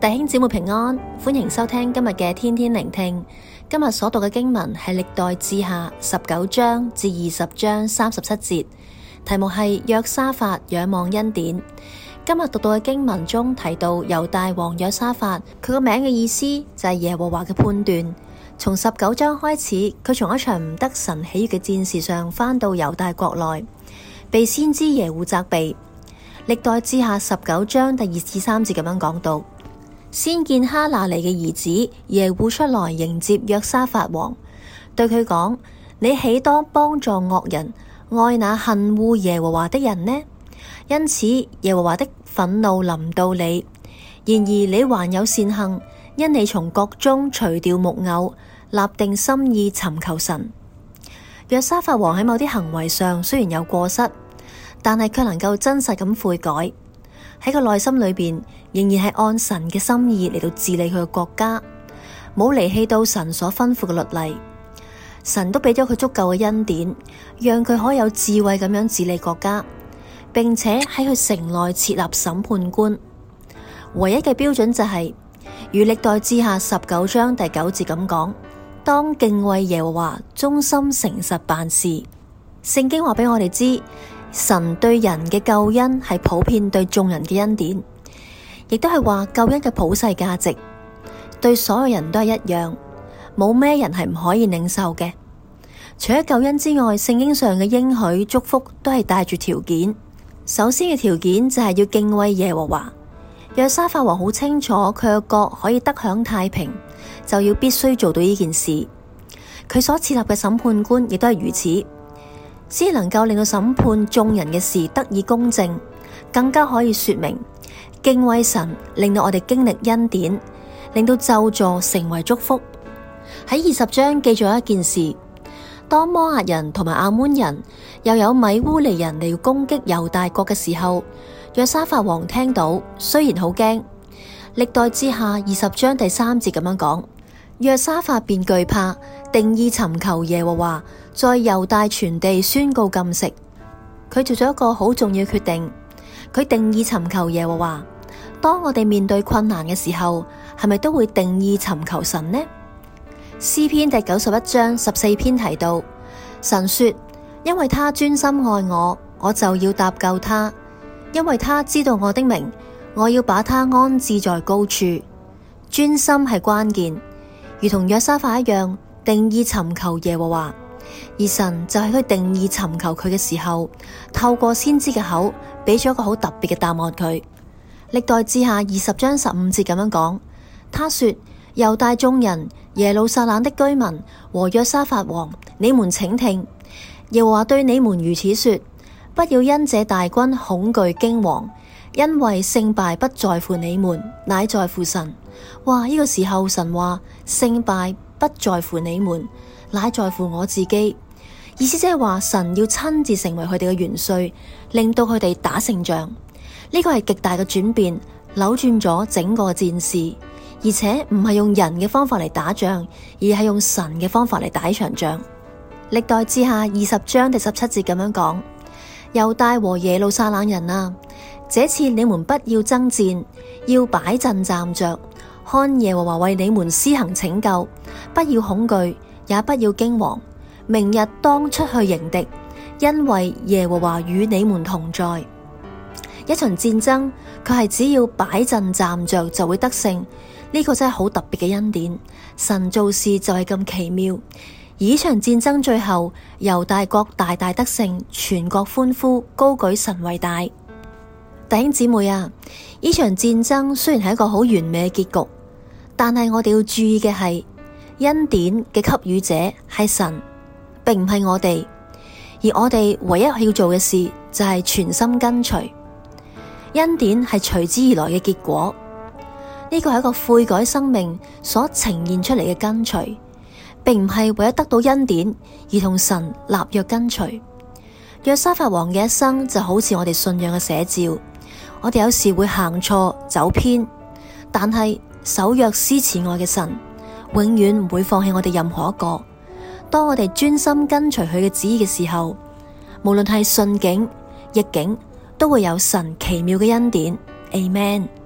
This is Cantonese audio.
弟兄姊妹平安，歡迎收聽今日嘅天天聆聽。今日所讀嘅經文係《歷代志下》十九章至二十章三十七節，題目係約沙法仰望恩典。今日讀到嘅經文中提到猶大王約沙法，佢個名嘅意思就係耶和華嘅判斷。從十九章開始，佢從一場唔得神喜悅嘅戰事上返到猶大國內，被先知耶戶責備。《歷代志下》十九章第二至三節咁樣講到。先見哈拿尼嘅兒子耶戶出來迎接約沙法王，對佢講：你豈當幫助惡人、愛那恨惡耶和華的人呢？因此耶和華的憤怒臨到你。然而你還有善行，因你從國中除掉木偶，立定心意尋求神。約沙法王喺某啲行為上雖然有過失，但係卻能夠真實咁悔改。喺佢內心裏邊，仍然係按神嘅心意嚟到治理佢嘅國家，冇離棄到神所吩咐嘅律例。神都俾咗佢足夠嘅恩典，讓佢可以有智慧咁樣治理國家，並且喺佢城內設立審判官。唯一嘅標準就係、是、如歷代志下十九章第九節咁講：當敬畏耶和華，忠心誠實辦事。聖經話俾我哋知。神對人嘅救恩係普遍對眾人嘅恩典，亦都係話救恩嘅普世價值，對所有人都係一樣，冇咩人係唔可以領受嘅。除咗救恩之外，聖經上嘅應許祝福都係帶住條件，首先嘅條件就係要敬畏耶和華。約沙法王好清楚，佢嘅國可以得享太平，就要必須做到呢件事。佢所設立嘅審判官亦都係如此。只能夠令到審判眾人嘅事得以公正，更加可以說明敬畏神，令到我哋經歷恩典，令到咒詛成為祝福。喺二十章記載一件事，當摩押人同埋阿捫人，又有米烏尼人嚟攻擊猶大國嘅時候，約沙法王聽到，雖然好驚，歷代志下二十章第三節咁樣講，約沙法便懼怕，定意尋求耶和華。在猶大全地宣告禁食，佢做咗一個好重要決定。佢定意尋求耶和華。當我哋面對困難嘅時候，係咪都會定意尋求神呢？詩篇第九十一章十四篇提到，神說：因為他專心愛我，我就要搭救他；因為他知道我的名，我要把他安置在高處。專心係關鍵，如同約沙法一樣，定意尋求耶和華。而神就喺佢定意尋求佢嘅時候，透過先知嘅口俾咗個好特別嘅答案佢。歷代志下二十章十五節咁樣講，他說：猶大眾人、耶路撒冷的居民和約沙法王，你們請聽，耶和華對你們如此說：不要因這大軍恐懼驚惶，因為勝敗不在乎你們，乃在乎神。哇！呢、這個時候神話勝敗不在乎你們。乃在乎我自己，意思即係話神要親自成為佢哋嘅元帥，令到佢哋打勝仗。呢個係極大嘅轉變，扭轉咗整個戰事，而且唔係用人嘅方法嚟打仗，而係用神嘅方法嚟打一場仗。歷代志下二十章第十七節咁樣講：猶大和耶路撒冷人啊，這次你們不要爭戰，要擺陣站着，看耶和華為你們施行拯救，不要恐懼。也不要驚惶，明日當出去迎敵，因為耶和華與你們同在。一場戰爭佢係只要擺陣站着就會得勝，呢個真係好特別嘅恩典。神做事就係咁奇妙，而呢場戰爭最後猶大國大大得勝，全國歡呼，高舉神為大。弟兄姊妹啊，呢場戰爭雖然係一個好完美嘅結局，但係我哋要注意嘅係。恩典嘅給予者係神，並唔係我哋，而我哋唯一要做嘅事就係全心跟隨。恩典係隨之而來嘅結果，呢個係一個悔改生命所呈現出嚟嘅跟隨，並唔係為咗得到恩典而同神立約跟隨。約沙法王嘅一生就好似我哋信仰嘅寫照，我哋有時會行錯走偏，但係守約施慈愛嘅神，永遠唔會放棄我哋任何一個。當我哋專心跟隨佢嘅旨意嘅時候，無論係順境逆境，都會有神奇妙嘅恩典。Amen。